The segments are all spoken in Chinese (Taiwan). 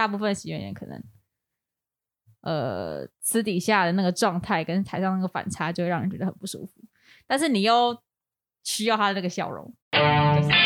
大部分喜劇演員可能，呃，私底下的那個狀態跟台上那個反差，就會讓人覺得很不舒服。但是你又需要他的那個笑容。就是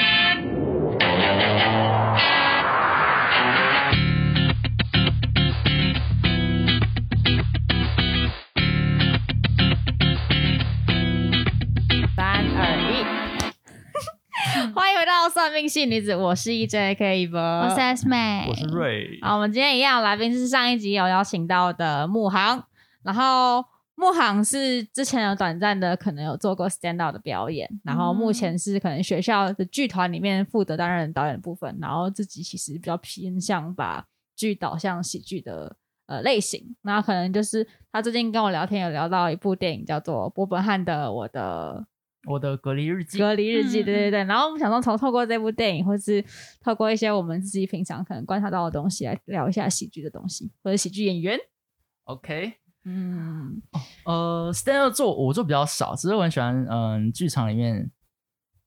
Hello 算命系女子，我是 e J，可以不？我是 S 妹，我是瑞。好，我們今天一樣，來賓是上一集有邀請到的木行。然後木行是之前有短暫的可能有做過 stand up 的表演，然後目前是可能學校的劇團裡面負責擔任導演部分，然後自己其實比較偏向把劇導向喜劇的呃類型。那可能就是他最近跟我聊天有聊到一部電影叫做《博本漢的我的》。我的隔離日記，隔離日記，對對對。嗯、然後我們想說，從透過這部電影，或是透過一些我們自己平常可能觀察到的東西，來聊一下喜劇的東西，或者喜劇演員。OK，嗯，呃，Stand Up 做，我做比較少，只是我很喜歡。嗯，劇場裡面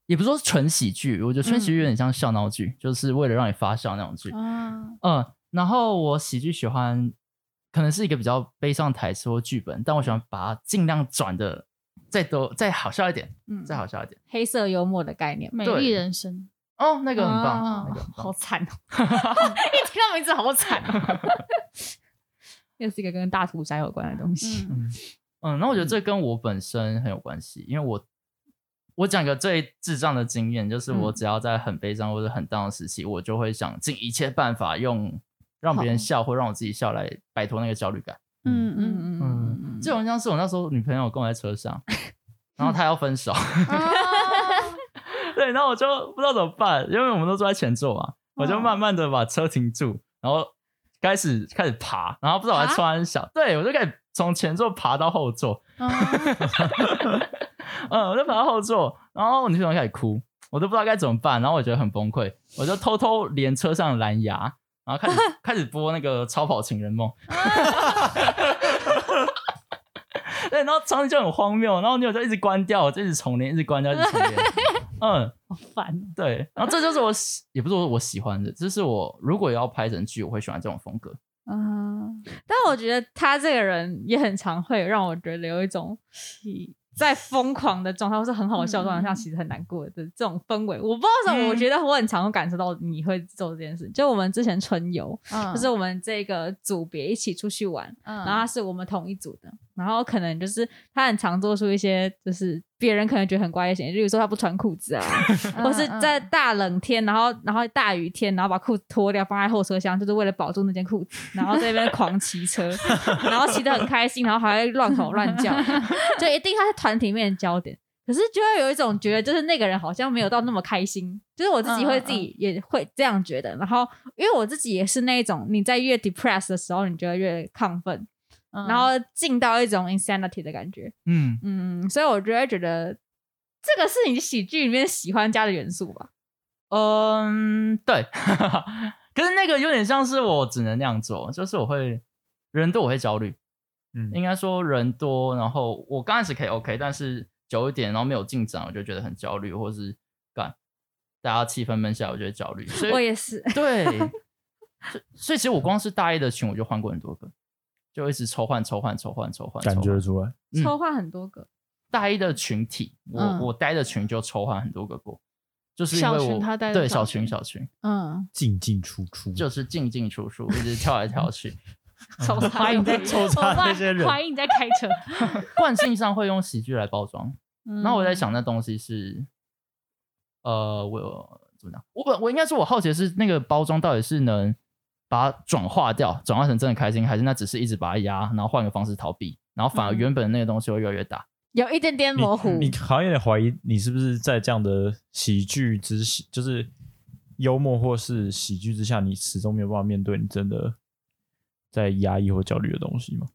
也不說是純喜劇，我覺得純喜劇有點像笑鬧劇，嗯、就是為了讓你發笑那種劇。啊、嗯，然後我喜劇喜歡，可能是一個比較悲傷的台詞或劇本，但我喜歡把它儘量轉的。再多再好笑一點，嗯，再好笑一點。嗯、一點黑色幽默的概念，美麗人生。哦，那個很棒，啊、那個好慘哦，一聽到名字好慘、哦， 又是一個跟大屠殺有關的東西。嗯，那、嗯、我覺得這跟我本身很有關係，嗯、因為我我講個最智障的經驗，就是我只要在很悲傷或者很 down 的時期，嗯、我就會想盡一切辦法用讓別人笑或讓我自己笑來擺脫那個焦慮感。嗯嗯嗯嗯嗯，最、嗯、搞、嗯嗯、是我那時候女朋友跟我在車上， 然後她要分手，嗯、 對，然後我就不知道怎麼辦，因為我們都坐在前座嘛，嗯、我就慢慢的把車停住，然後開始開始爬，然後不知道我還穿小，啊、對我就開始從前座爬到後座。嗯， 嗯，我就爬到後座，然後我女朋友開始哭，我都不知道該怎麼辦，然後我覺得很崩潰，我就偷偷連車上藍牙。然後開始 開始播那個《超跑情人夢》， 對，然後場景就很荒謬，然後你有就一直關掉，就一直重連，一直關掉一，一直重連，嗯，好煩。對，然後這就是我，也不是我我喜歡的，這是我如果要拍成劇，我會喜歡這種風格。嗯，但我覺得他這個人也很常會讓我覺得有一種。在瘋狂的狀態，或是很好笑的狀態，像、嗯嗯、其實很難過的這種氛圍，我不知道為什麼，我覺得我很常會感受到你會做這件事。嗯、就我們之前春遊，嗯、就是我們這個組別一起出去玩，嗯、然後是我們同一組的。然後可能就是他很常做出一些，就是別人可能覺得很怪的事，例如說他不穿褲子啊，或是在大冷天，然後然後大雨天，然後把褲子脫掉放在後車廂，就是為了保住那件褲子，然後在那邊狂騎車， 然後騎得很開心，然後還會亂吼亂叫， 就一定他是團體面的焦點。可是就會有一種覺得就是那個人好像沒有到那麼開心，就是我自己會自己也會這樣覺得。然後因為我自己也是那種，你在越 depress 的時候，你覺得越亢奮。然後進到一種 insanity 的感覺，嗯嗯，所以我就會覺得，覺得這個是你喜劇裡面喜歡加的元素吧？嗯，對。 可是那個有點像是我只能那樣做，就是我會人多我會焦慮，嗯，應該說人多，然後我剛開始可以 OK，但是久一點，然後沒有進展，我就覺得很焦慮，或是干大家氣氛悶下來，我覺得焦慮。所以，我也是。對 所。所以其實我光是大一的群，我就換過很多個。就一直抽換、抽換、抽換、抽換，感覺出來，抽換很多個。大一的群體，我我待的群就抽換很多個過，就是因為我他待對小群小群，嗯，進進出出，就是進進出出，一直跳來跳去。懷疑你在抽他那些人，懷疑你在開車。慣性上會用喜劇來包裝，那我在想那東西是，呃，我怎麼講？我本我應該說我好奇的是那個包裝到底是能。把它轉化掉，轉化成真的開心，還是那只是一直把它壓，然後換個方式逃避，然後反而原本的那個東西會越來越大，有一點點模糊。你，你好像有點懷疑，你是不是在這樣的喜劇之喜，就是幽默或是喜劇之下，你始終沒有辦法面對你真的在壓抑或焦慮的東西嗎？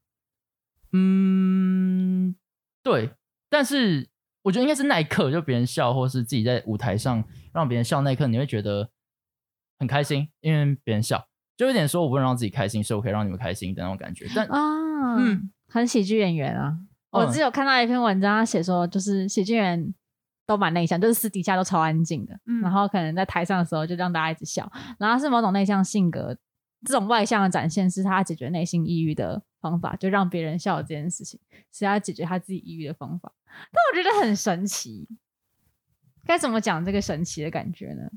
嗯，對。但是我覺得應該是那一刻，就別人笑或是自己在舞台上讓別人笑那一刻，你會覺得很開心，因為別人笑。就有點說，我不能讓自己開心，所以我可以讓你們開心的那種感覺。但啊，嗯，很喜劇演員啊。嗯，我只有看到一篇文章，他寫說，就是喜劇演員都蠻內向，就是私底下都超安靜的。嗯，然後可能在台上的時候就讓大家一直笑。然後是某種內向性格，這種外向的展現是他解決內心抑鬱的方法，就讓別人笑這件事情是他解決他自己抑鬱的方法。但我覺得很神奇，該怎麼講這個神奇的感覺呢？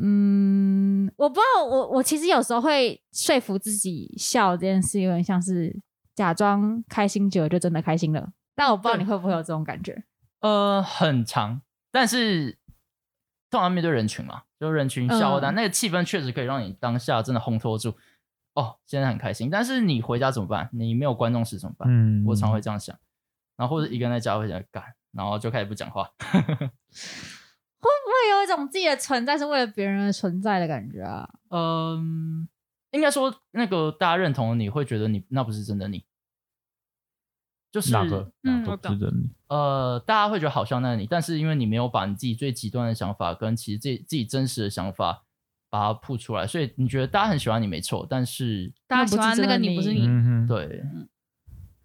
嗯，我不知道，我我其實有時候會說服自己笑這件事，有點像是假裝開心久了就真的開心了。但我不知道你會不會有這種感覺？呃，很常，但是通常面對人群嘛，就人群笑的，呃、那個氣氛，確實可以讓你當下真的烘托住。哦，現在很開心，但是你回家怎麼辦？你沒有觀眾時怎麼辦？嗯，我常會這樣想，然後或者一個人在家會想幹，然後就開始不講話。 有一種自己的存在是為了別人的存在的感覺啊。嗯、呃，應該說那個大家認同的，你會覺得你那不是真的你，就是那個嗯、個不是真的你。呃，大家會覺得好像那個你，但是因為你沒有把你自己最極端的想法跟其實自己自己真實的想法把它曝出來，所以你覺得大家很喜歡你沒錯，但是大家喜歡那個你不是你，對。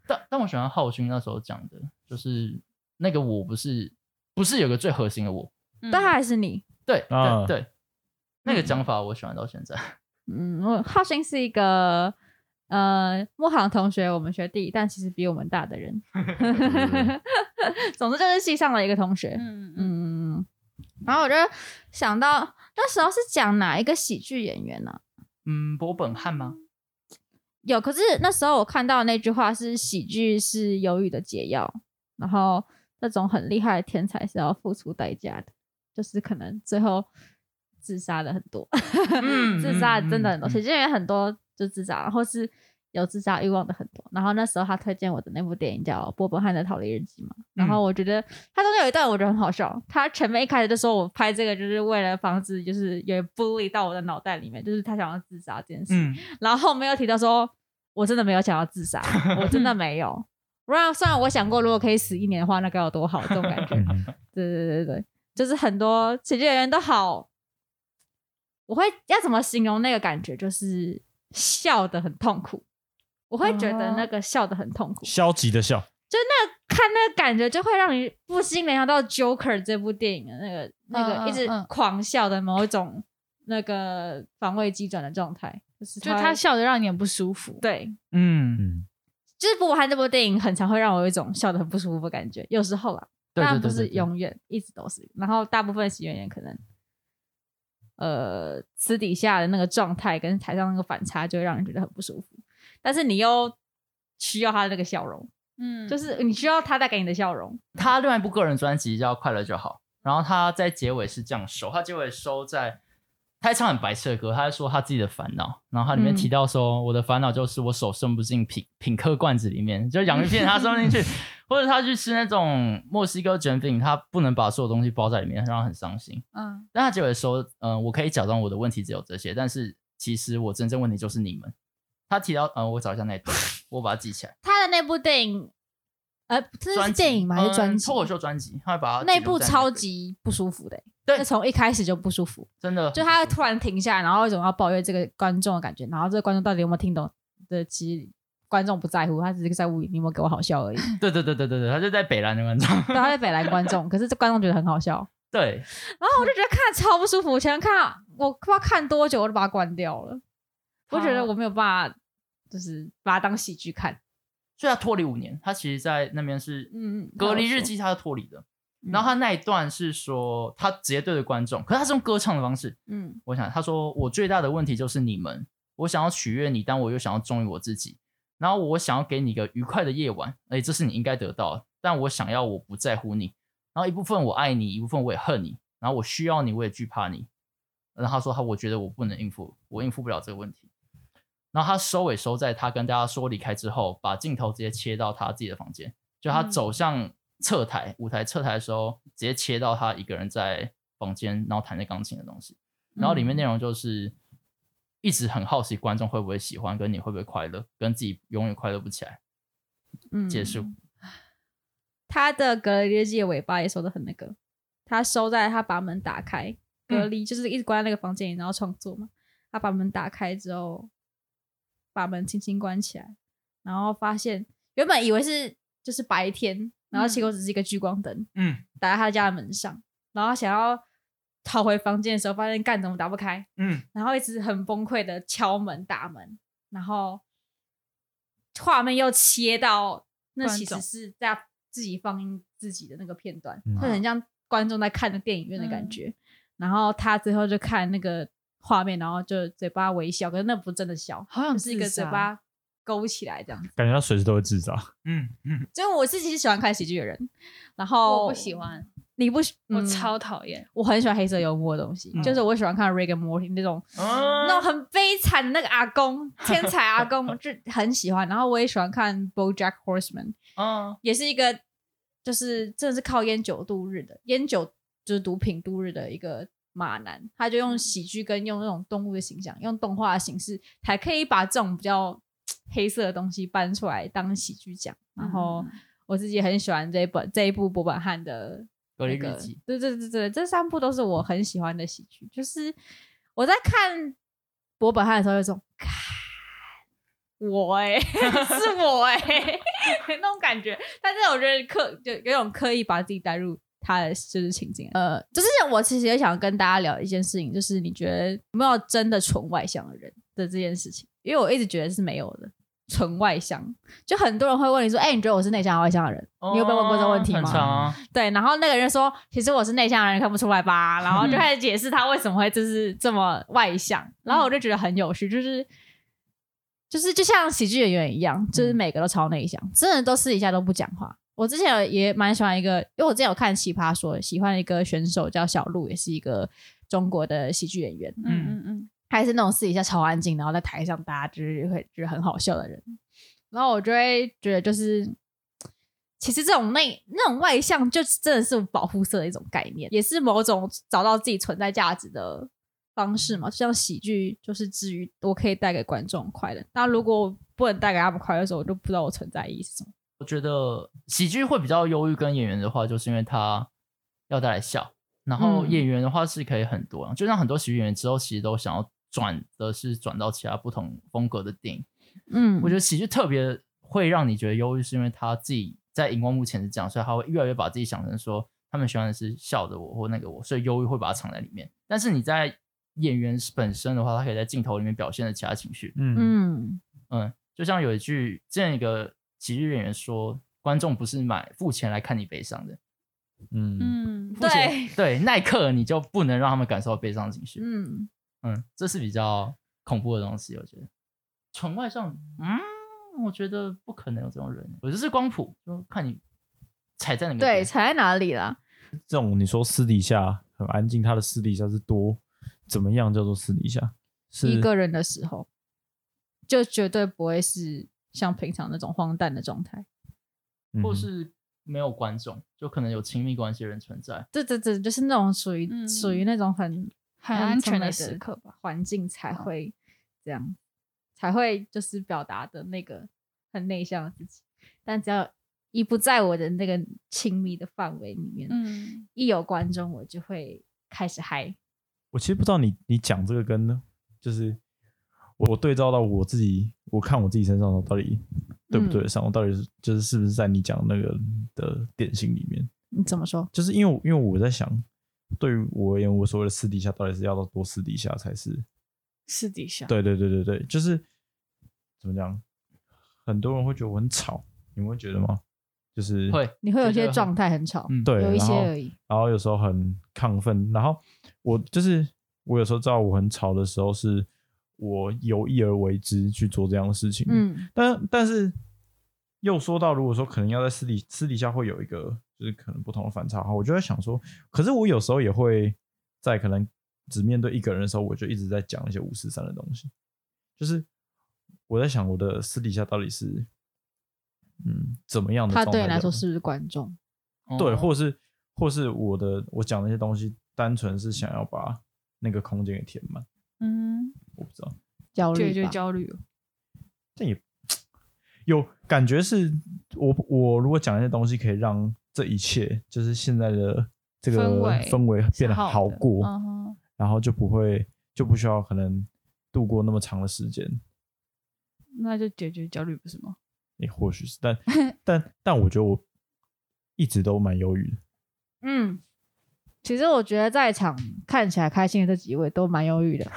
但但我喜歡浩勳那時候講的，就是那個我不是不是有個最核心的我。對，他還是你對對對，那個講法我喜歡到現在。嗯，我浩鑫是一個呃木行同學，我們學弟，但其實比我們大的人。哈哈 總之就是系上的一個同學。嗯嗯嗯。嗯，然後我就想到那時候是講哪一個喜劇演員呢、啊？嗯，博本漢嗎？有，可是那時候我看到那句話是“喜劇是憂鬱的解藥”，然後那種很厲害的天才是要付出代價的。就是可能最後自殺的很多、嗯， 自殺真的很多，嗯嗯、其實人很多就自殺，嗯、或是有自殺慾望的很多。然後那時候他推薦我的那部電影叫《博本漢的逃離日記》嘛。然後我覺得、嗯、他中間有一段我覺得很好笑，他前面一開始就說我拍這個就是為了防止就是有 bully 到我的腦袋裡面，就是他想要自殺這件事。嗯、然後沒有提到說我真的沒有想要自殺， 我真的沒有。不然雖然我想過如果可以死一年的話，那該有多好這種感覺。嗯、對對對對。就是很多喜劇演員都好，我會要怎麼形容那個感覺？就是笑的很痛苦，我會覺得那個笑的很痛苦，嗯，消極的笑，就那看那個感覺就會讓你不禁聯想到《Joker》這部電影的那個、嗯、那個一直狂笑的某一種那個防衛機轉的狀態，就是他，就他笑的讓你很不舒服。對，嗯，就是《我看這部電影，很常會讓我有一種笑的很不舒服的感覺，有時候啊。但不是永遠，對對對對對，一直都是。然後大部分喜劇演員可能，呃，私底下的那個狀態跟台上那個反差就會讓人覺得很不舒服。但是你又需要他的那個笑容，嗯，就是你需要他帶給你的笑容。他另外一部個人專輯叫《快樂就好》，然後他在結尾是這樣收，他結尾收在。他還唱很白痴的歌，他在說他自己的煩惱，然後他裡面提到說，嗯、我的煩惱就是我手伸不進品品客罐子裡面，就洋芋片他伸不進去， 或者他去吃那種墨西哥卷餅，他不能把所有東西包在裡面，讓他很傷心。嗯，但他結果說，嗯、呃，我可以假裝我的問題只有這些，但是其實我真正問題就是你們。他提到，嗯、呃，我找一下那一段， 我把它記起來。他的那部電影，呃，這是電影嗎？還是專輯？脫、嗯、脫口秀專輯。他把內部超級不舒服的。從對一開始就不舒服，真的，就他就突然停下來，然後一種要抱怨這個觀眾的感覺，然後這個觀眾到底有沒有聽懂的？其實觀眾不在乎，他只是在乎，你有沒有給我好笑而已。對對對對對對，他就在北蘭的觀眾， 對，他在北蘭觀眾，可是這觀眾覺得很好笑。對，然後我就覺得看得超不舒服，我先看，我不知道看多久，我就把它關掉了。他我覺得我沒有辦法，就是把它當喜劇看。所以他脫離五年，他其實在那邊是嗯隔離日記，他是脫離的。嗯然後他那一段是說，他直接對着觀眾，可是他是用歌唱的方式。嗯，我想他說我最大的問題就是你們，我想要取悅你，但我又想要忠於我自己。然後我想要給你一個愉快的夜晚，誒、哎，這是你應該得到的。但我想要我不在乎你。然後一部分我愛你，一部分我也恨你。然後我需要你，我也懼怕你。然後他說他我覺得我不能應付，我應付不了這個問題。然後他收尾收在他跟大家說離開之後，把鏡頭直接切到他自己的房間，就他走向、嗯。撤台舞台撤台的時候，直接切到他一個人在房間，然後彈着鋼琴的東西。然後裡面內容就是、嗯、一直很好奇觀眾會不會喜歡，跟你會不會快樂，跟自己永遠快樂不起來。嗯、結束。他的隔離日記的尾巴也收得很那個，他收在他把門打開，隔離、嗯、就是一直關在那個房間裡，然後創作嘛。他把門打開之後，把門輕輕關起來，然後發現原本以為是就是白天。然後結果只是一個聚光燈，嗯，打在他家的門上。然後想要逃回房間的時候，發現幹怎麼打不開，嗯，然後一直很崩潰的敲門、打門。然後畫面又切到，那其實是在自己放映自己的那個片段，就眾很像觀眾在看的電影院的感覺。嗯、然後他最後就看那個畫面，然後就嘴巴微笑，可是那不是真的笑，好像是一個嘴巴，勾不起來，這樣感覺他隨時都會自殺。嗯嗯，嗯，就我自己是喜歡看喜劇的人，然後我不喜歡，你不，嗯、我超討厭。我很喜歡黑色幽默的東西，嗯、就是我喜歡看《Rick and Morty》那種、啊、那種很悲慘的那個阿公，天才阿公， 就很喜歡。然後我也喜歡看 Bo jack man、啊《BoJack Horseman》，哦，也是一個就是真的是靠菸酒度日的，菸酒就是毒品度日的一個馬男，他就用喜劇跟用那種動物的形象，嗯、用動畫的形式，還可以把這種比較黑色的東西搬出來當喜劇講，然後我自己很喜歡這一本這一部博本漢的、那個《隔離日記》對,對對，這對這這三部都是我很喜歡的喜劇。就是我在看博本漢的時候就有種，就說：“看我誒、欸，是我誒、欸， 那種感覺。”但是我覺得刻就有一種刻意把自己帶入他的就是情景。呃，就是我其實也想跟大家聊一件事情，就是你覺得有沒有真的純外向的人的這件事情？因為我一直覺得是沒有的。純外向，就很多人會問你說：“哎、欸，你覺得我是內向還是外向的人？”你有被有問過這個問題嗎？哦啊、對，然後那個人說：“其實我是內向的人，看不出來吧？”然後就開始解釋他為什麼會就是這麼外向。嗯、然後我就覺得很有趣，就是就是就像喜劇演員一樣，就是每個都超內向，嗯、真的都私底下都不講話。我之前也蠻喜歡一個，因為我之前有看《奇葩說》，喜歡一個選手叫小鹿，也是一個中國的喜劇演員。嗯嗯嗯。嗯還是那種私底下超安靜，然後在台上大家就是會覺得很好笑的人，然後我就會覺得就是，其實這種內那種外向，就真的是保護色的一種概念，也是某種找到自己存在價值的方式嘛。像喜劇，就是至於我可以帶給觀眾快樂，那如果我不能帶給他們快樂的時候，我就不知道我存在意義是什麼。我覺得喜劇會比較憂鬱，跟演員的話，就是因為他要帶來笑，然後演員的話是可以很多，嗯、就像很多喜劇演員之後，其實都想要。轉的是轉到其他不同風格的電影，嗯，我覺得喜劇特別會讓你覺得憂鬱，是因為他自己在熒光幕前是這樣，所以他會越來越把自己想成說他們喜歡的是笑的我或那個我，所以憂鬱會把它藏在裡面。但是你在演員本身的話，他可以在鏡頭裡面表現的其他情緒，嗯嗯，就像有一句這樣一個喜劇演員說：“觀眾不是買付錢來看你悲傷的，嗯付錢對對，那一刻你就不能讓他們感受到悲傷情緒，嗯。”嗯，這是比較恐怖的東西，我覺得純外向，嗯，我覺得不可能有這種人。我就是光譜，就看你踩在哪裡？對，踩在哪裡了。這種你說私底下很安靜，他的私底下是多怎麼樣叫做私底下？是一個人的時候就絕對不會是像平常那種荒誕的狀態，或是沒有觀眾，就可能有親密關係的人存在。這這這就是那種屬於屬於那種很。很安全的時刻吧，環境才會這樣，嗯、才會就是表達的那個很內向的自己。但只要一不在我的那個親密的範圍裡面，嗯，一有觀眾，我就會開始嗨。我其實不知道你，你講這個跟呢，就是我對照到我自己，我看我自己身上到底對不對得、嗯、上，我到底是就是是不是在你講那個的典型裡面？你怎麼說？就是因為因為我在想。對於我而言，我所謂的私底下到底是要到多私底下才是私底下？對對對對對，就是怎麼講？很多人會覺得我很吵，你們會覺得嗎？嗯、就是會，你會有些狀態很吵，嗯、對，有一些而已。然後有時候很亢奮，然後我就是我有時候知道我很吵的時候，是我有意而為之去做這樣的事情。嗯，但但是又說到，如果說可能要在私底私底下會有一個。就是可能不同的反差，哈，我就在想說，可是我有時候也會在可能只面對一個人的時候，我就一直在講一些五四三的東西，就是我在想我的私底下到底是嗯怎麼樣的？他對你來說是不是觀眾？嗯、對，或是或是我的我講那些東西，單純是想要把那個空間給填滿？嗯，我不知道，焦慮就焦慮、哦，這也有感覺是我我如果講一些東西可以讓這一切就是現在的這個氛圍變得好過，好 uh huh. 然後就不會就不需要可能度過那麼長的時間，那就解決焦慮不是嗎？也、欸、或許是，但但 但我覺得我一直都蠻憂鬱的。嗯，其實我覺得在場看起來開心的這幾位都蠻憂鬱的。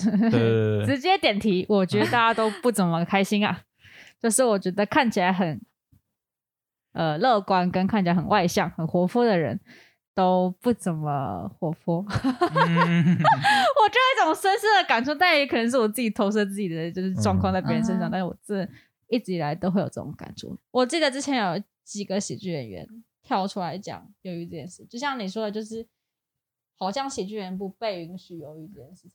對，直接點題，我覺得大家都不怎麼開心啊， 就是我覺得看起來很。呃，樂觀跟看起來很外向、很活潑的人都不怎麼活潑。 嗯、 我就有一種深深的感觸，但也可能是我自己投射自己的就是狀況在別人身上。嗯、但是我一直以來都會有這種感觸。嗯、我記得之前有幾個喜劇演員跳出來講憂鬱這件事，就像你說的，就是好像喜劇人不被允許憂鬱這件事，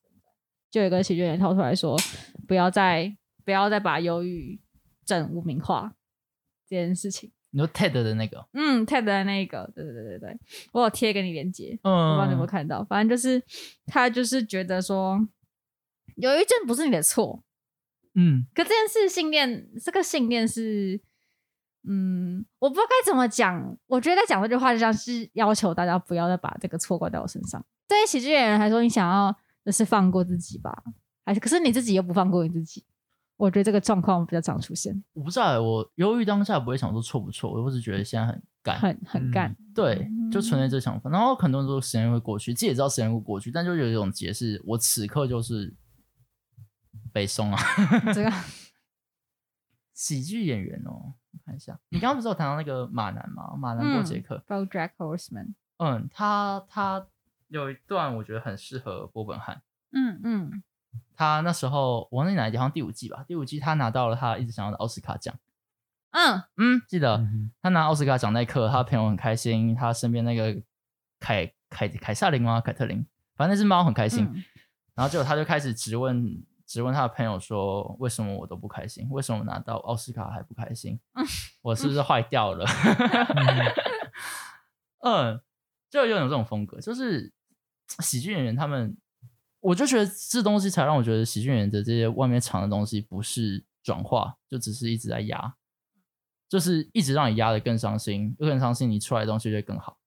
就有一個喜劇人跳出來說：“不要再不要再把憂鬱症污名化這件事情。”你說 Ted 的那個，嗯，Ted 的那個，對對對對對，我有貼給你連結，uh、我不知道你有沒有看到。反正就是他就是覺得說，有一件不是你的錯，嗯，可是這件事信念這個信念是，嗯，我不知道該怎麼講。我覺得在講這句話就像是要求大家不要再把這個錯怪在我身上。對喜劇演員來說，你想要的是放過自己吧？還是可是你自己又不放過你自己？我覺得這個狀況比較常出現。我不知道，我憂鬱當下不會想說錯不錯，我又不是覺得現在很幹，很很幹、嗯。對，就存在這想法。然後很多人都說時間會過去，自己也知道時間會過去，但就有一種解釋，我此刻就是北宋啊。這個喜劇演員哦、喔，我看一下，你剛剛不是有談到那個馬男嗎？馬男波傑克 BoJack Horseman。嗯，嗯，他他有一段我覺得很適合博本漢、嗯。嗯嗯。他那時候，我忘記，哪一季好像第五季吧，第五季他拿到了他一直想要的奧斯卡獎，嗯。嗯得嗯，記、嗯、得他拿奧斯卡獎那一刻，他朋友很開心，他身邊那個凱凱凱撒琳嗎？凱特琳，反正那只貓很開心。嗯、然後就他就開始質問質問他的朋友說：“為什麼我都不開心？為什麼拿到奧斯卡還不開心？嗯、我是不是壞掉了？”嗯， 嗯，就擁有這種風格，就是喜劇演員他們。我就覺得這東西才讓我覺得喜劇人的這些外面藏的東西不是轉化，就只是一直在壓，就是一直讓你壓得更傷心，越更傷心，你出來的東西就會更好。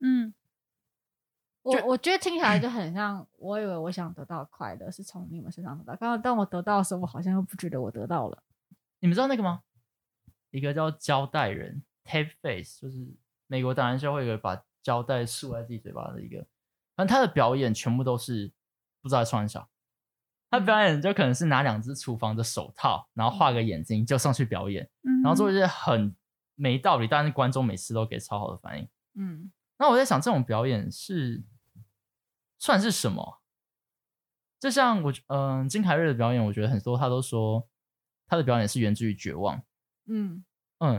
嗯，我我覺得聽起來就很像，我以為我想得到快樂 是從你們身上得到，剛剛當我得到的時候，我好像又不覺得我得到了。你們知道那個嗎？一個叫膠帶人 （tape face），就是美國達人秀會有把膠帶豎在自己嘴巴的一個，反正他的表演全部都是。不知道在穿一下，他表演就可能是拿兩隻廚房的手套，然後畫個眼睛就上去表演，嗯、哼然後做一些很沒道理，但是觀眾每次都給超好的反應。嗯，那我在想，這種表演是算是什麼？就像我嗯、呃，金凱瑞的表演，我覺得很多他都說他的表演是源自於絕望。嗯嗯，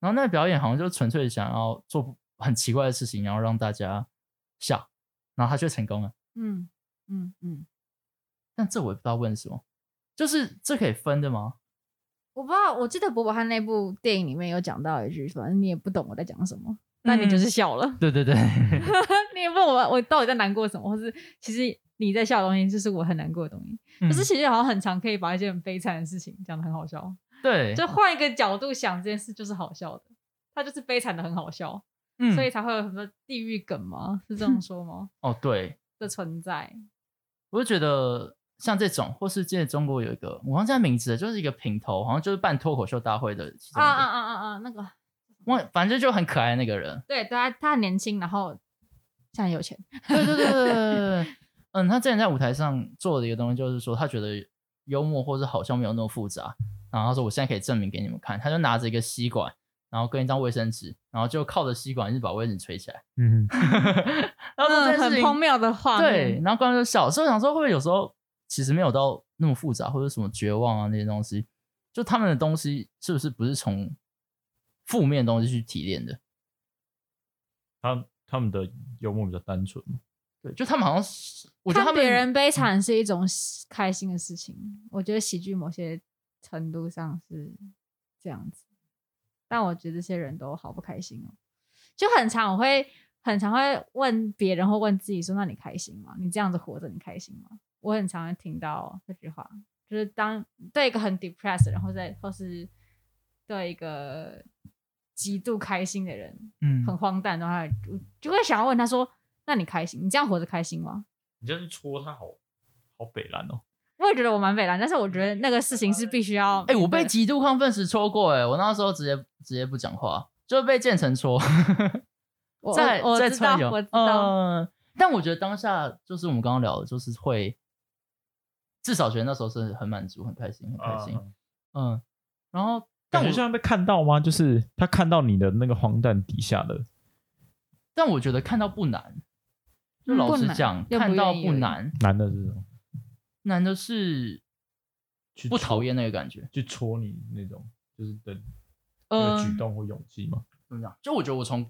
然後那個表演好像就純粹想要做很奇怪的事情，然後讓大家笑，然後他卻成功了。嗯。嗯嗯，嗯但這我也不知道問什麼，就是這可以分的嗎？我不知道，我記得伯伯漢那部電影裡面有講到一句說，反正你也不懂我在講什麼，那你就是笑了。對對對。 你也問我我到底在難過什麼，或是其實你在笑的東西，就是我很難過的東西。嗯、可是其實好像很常可以把一些很悲慘的事情講得很好笑。對，就換一個角度想這件事，就是好笑的，它就是悲慘得很好笑，嗯、所以才會有很多地獄梗嗎？是這樣說嗎？嗯、哦，對的存在。我就覺得像這種，或是現在中國有一個，我忘記名字了，就是一個平頭，好像就是辦脫口秀大會的，的啊啊啊啊啊，那個，忘，反正就很可愛那個人。對，他、啊、他很年輕，然後像很有錢。對對對對對。 嗯，他之前在舞台上做的一個東西，就是說他覺得幽默或者好像沒有那麼複雜，然後他說我現在可以證明給你們看，他就拿着一個吸管。然後跟一張衛生紙，然後就靠着吸管一直把衛生紙吹起來。嗯， 然後這件事情、嗯、很荒謬的畫面。對，然後剛才小時候小時候會不會有時候其實沒有到那麼複雜，或者什麼絕望啊那些東西，就他們的東西是不是不是從負面的東西去提煉的？他他們的幽默比較單純。對，就他們好像是我覺得他們別人悲慘是一種開心的事情。嗯、我覺得喜劇某些程度上是這樣子。但我覺得這些人都好不開心哦、喔，就很常我會很常會問別人或問自己說：“那你開心嗎？你這樣子活着，你開心嗎？”我很常會聽到這句話，就是當對一個很 depressed，然後再或，或是對一個極度開心的人，嗯，很荒誕的話就，就會想要問他說：“那你開心？你這樣活着開心嗎？”你這樣戳他好，好好北爛哦、喔。我也覺得我蠻美的，但是我覺得那個事情是必須要。哎、欸對欸，我被極度亢奮時戳過、欸，哎，我那時候直接直接不講話，就被建成戳。在在春，但我覺得當下就是我們剛剛聊的，就是會至少覺得那時候是很滿足、很開心、很開心。嗯,嗯。然後，但我現在被看到嗎？就是他看到你的那個荒誕底下的。但我覺得看到不難，就老實講，嗯、看到不難，難的是什麼？什難的是，不討厭那個感覺去，去戳你那種就是的舉動或勇氣嘛。怎、嗯、就我覺得我從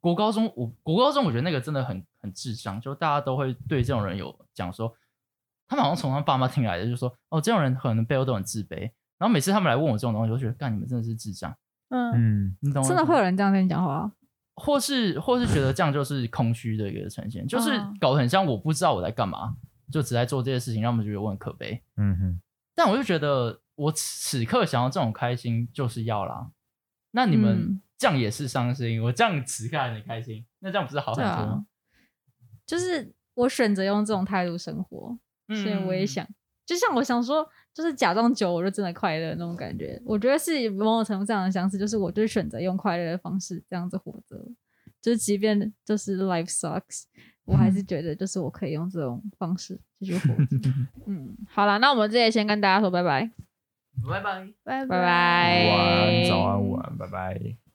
國高中，我國高中，我覺得那個真的很很智障。就大家都會對這種人有講說，他們好像從他爸媽聽來的就是說，就說哦，這種人可能背後都很自卑。然後每次他們來問我這種東西，我就覺得幹，你們真的是智障。嗯，嗯你懂嗎？真的會有人這樣跟你講話、啊，或是或是覺得這樣就是空虛的一個呈現，就是搞得很像我不知道我在幹嘛。嗯就只在做這些事情，讓我們覺得我很可悲。嗯哼，但我就覺得我此刻想要這種開心就是要啦。那你們這樣也是傷心，嗯、我這樣此刻很開心，那這樣不是好很多嗎？就是我選擇用這種態度生活，嗯、所以我也想，就像我想說，就是假裝久我就真的快樂的那種感覺。我覺得是某種程度上的相似，就是我就選擇用快樂的方式這樣子活着，就是即便就是 life sucks。我還是覺得，就是我可以用這種方式繼續活 嗯，好了，那我們這邊先跟大家說拜拜，拜拜拜拜拜，晚安，早安，晚安，拜拜。